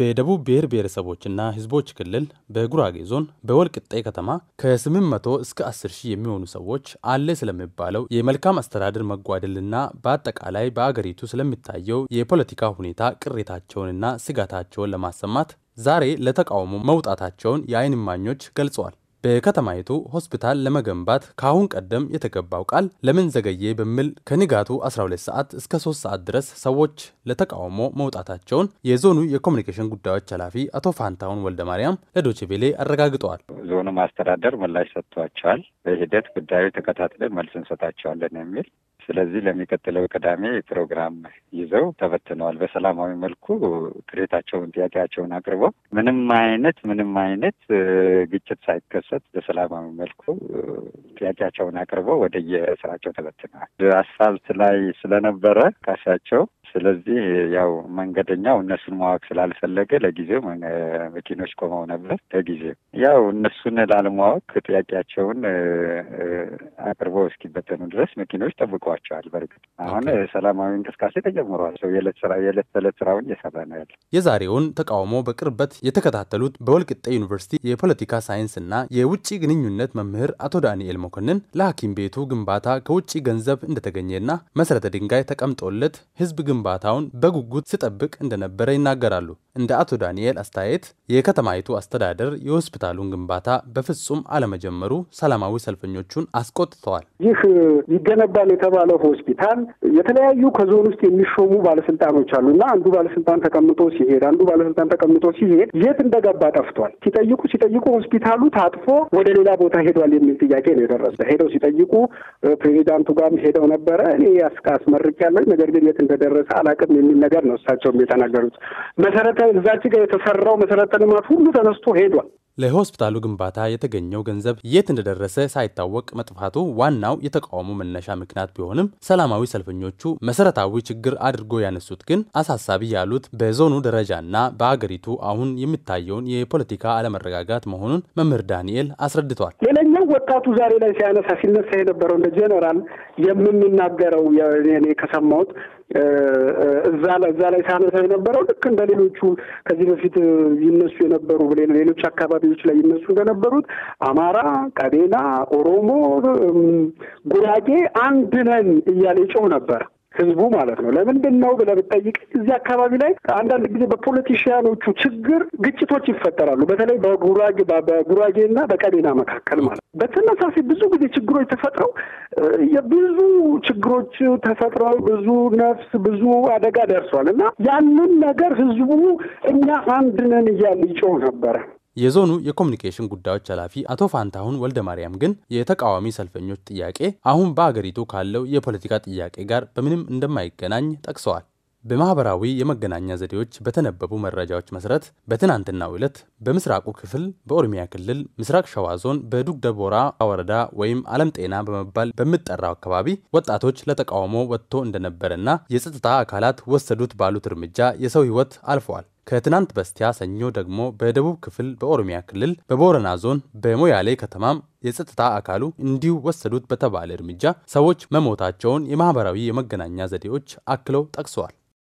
በደቡብ ብሔር ብሔረሰቦችና ህዝቦች ክልል በጉራጌ ዞን በወልቅጤ ከተማ ከ800 እስከ 10 ሺህ የሚሆኑ ሰዎች አለ ስለሚባለው የመልካም አስተዳደር መጓደልና በአጠቃላይ በአገሪቱ ስለሚታየው የፖለቲካ ሁኔታ ቅሬታቸውንና ስጋታቸውን ለማሰማት ዛሬ ለተቃውሞ መውጣታቸውን የአይን እማኞች ገልጸዋል። በከተማይቱ ሆስፒታል ለመገንባት ከአሁን ቀደም የተገባው ቃል ለምን ዘገየ በሚል ከንጋቱ 12 ሰዓት እስከ 3 ሰዓት ድረስ ሰዎች ለተቃውሞ መውጣታቸውን የዞኑ የኮሚኒኬሽን ጉዳዮች ኃላፊ አቶ ፋንታውን ወልደ ማርያም ለዶችቬሌ አረጋግጠዋል። ዞኑ ማስተዳደር ምላሽ ሰጥቷቸዋል። በሂደት ጉዳዩ ተከታትለን መልስ እንሰጣቸዋለን የሚል ስለዚህ ለሚቀጥለው ቅዳሜ ፕሮግራም ይዘው ተበትነዋል። በሰላማዊ መልኩ ቅሬታቸውን፣ ጥያቄያቸውን አቅርበው ምንም አይነት ምንም አይነት ግጭት ሳይከሰት በሰላማዊ መልኩ ጥያቄያቸውን አቅርበው ወደየስራቸው ተበትነዋል። አስፋልት ላይ ስለነበረ ካሻቸው ስለዚህ ያው መንገደኛው እነሱን ማወቅ ስላልፈለገ ለጊዜው መኪኖች ቆመው ነበር። ለጊዜው ያው እነሱን ላለማወቅ ጥያቄያቸውን አቅርቦ እስኪበተኑ ድረስ መኪኖች ጠብቋቸዋል። በእርግጥ አሁን ሰላማዊ እንቅስቃሴ ተጀምሯል። ሰው የዕለት ስራ የዕለት ተዕለት ስራውን እየሰራ ነው ያለ። የዛሬውን ተቃውሞ በቅርበት የተከታተሉት በወልቅጤ ዩኒቨርሲቲ የፖለቲካ ሳይንስ እና የውጭ ግንኙነት መምህር አቶ ዳንኤል መኮንን ለሐኪም ቤቱ ግንባታ ከውጭ ገንዘብ እንደተገኘና መሰረተ ድንጋይ ተቀምጦለት ህዝብ ግንባ ግንባታውን በጉጉት ሲጠብቅ እንደነበረ ይናገራሉ። እንደ አቶ ዳንኤል አስተያየት የከተማይቱ አስተዳደር የሆስፒታሉን ግንባታ በፍጹም አለመጀመሩ ሰላማዊ ሰልፈኞቹን አስቆጥተዋል። ይህ ይገነባል የተባለው ሆስፒታል የተለያዩ ከዞን ውስጥ የሚሾሙ ባለስልጣኖች አሉ እና አንዱ ባለስልጣን ተቀምጦ ሲሄድ፣ አንዱ ባለስልጣን ተቀምጦ ሲሄድ የት እንደገባ ጠፍቷል። ሲጠይቁ ሲጠይቁ ሆስፒታሉ ታጥፎ ወደ ሌላ ቦታ ሄዷል የሚል ጥያቄ ነው የደረሰ። ሄደው ሲጠይቁ ፕሬዚዳንቱ ጋርም ሄደው ነበረ። እኔ አስመርቅ ያለኝ ነገር ግን የት እንደደረሰ አላቅም የሚል ነገር ነው እሳቸውም የተናገሩት። መሰረተ እዛች ጋር የተሰራው መሰረተ ልማት ሁሉ ተነስቶ ሄዷል። ለሆስፒታሉ ግንባታ የተገኘው ገንዘብ የት እንደደረሰ ሳይታወቅ መጥፋቱ ዋናው የተቃውሞ መነሻ ምክንያት ቢሆንም ሰላማዊ ሰልፈኞቹ መሰረታዊ ችግር አድርጎ ያነሱት ግን አሳሳቢ ያሉት በዞኑ ደረጃና በአገሪቱ አሁን የሚታየውን የፖለቲካ አለመረጋጋት መሆኑን መምህር ዳንኤል አስረድቷል። ወጣቱ ዛሬ ላይ ሲያነሳ ሲነሳ የነበረው እንደ ጀነራል የምንናገረው እኔ ከሰማሁት እዛ ላይ እዛ ላይ ሳነሳ የነበረው ልክ እንደ ሌሎቹ ከዚህ በፊት ይነሱ የነበሩ ሌሎች አካባቢዎች ላይ ይነሱ እንደነበሩት አማራ፣ ቀቤና፣ ኦሮሞ፣ ጉራጌ አንድ ነን እያለ ይጮህ ነበር። ህዝቡ ማለት ነው። ለምንድን ነው ብለህ ብጠይቅ እዚህ አካባቢ ላይ አንዳንድ ጊዜ በፖለቲሽያኖቹ ችግር ግጭቶች ይፈጠራሉ። በተለይ በጉራጌ ና በቀቤና መካከል ማለት ነው። በተመሳሳይ ብዙ ጊዜ ችግሮች ተፈጥረው የብዙ ችግሮች ተፈጥረው ብዙ ነፍስ ብዙ አደጋ ደርሷል እና ያንን ነገር ህዝቡ እኛ አንድ ነን እያለ ይጮህ ነበረ። የዞኑ የኮሚኒኬሽን ጉዳዮች ኃላፊ አቶ ፋንታሁን ወልደ ማርያም ግን የተቃዋሚ ሰልፈኞች ጥያቄ አሁን በአገሪቱ ካለው የፖለቲካ ጥያቄ ጋር በምንም እንደማይገናኝ ጠቅሰዋል። በማህበራዊ የመገናኛ ዘዴዎች በተነበቡ መረጃዎች መሰረት በትናንትናው ዕለት በምስራቁ ክፍል በኦሮሚያ ክልል ምስራቅ ሸዋ ዞን በዱግደቦራ ወረዳ ወይም ዓለም ጤና በመባል በሚጠራው አካባቢ ወጣቶች ለተቃውሞ ወጥቶ እንደነበረና የጸጥታ አካላት ወሰዱት ባሉት እርምጃ የሰው ሕይወት አልፈዋል። ከትናንት በስቲያ ሰኞ ደግሞ በደቡብ ክፍል በኦሮሚያ ክልል በቦረና ዞን በሞያሌ ከተማም የጸጥታ አካሉ እንዲሁ ወሰዱት በተባለ እርምጃ ሰዎች መሞታቸውን የማህበራዊ የመገናኛ ዘዴዎች አክለው ጠቅሰዋል።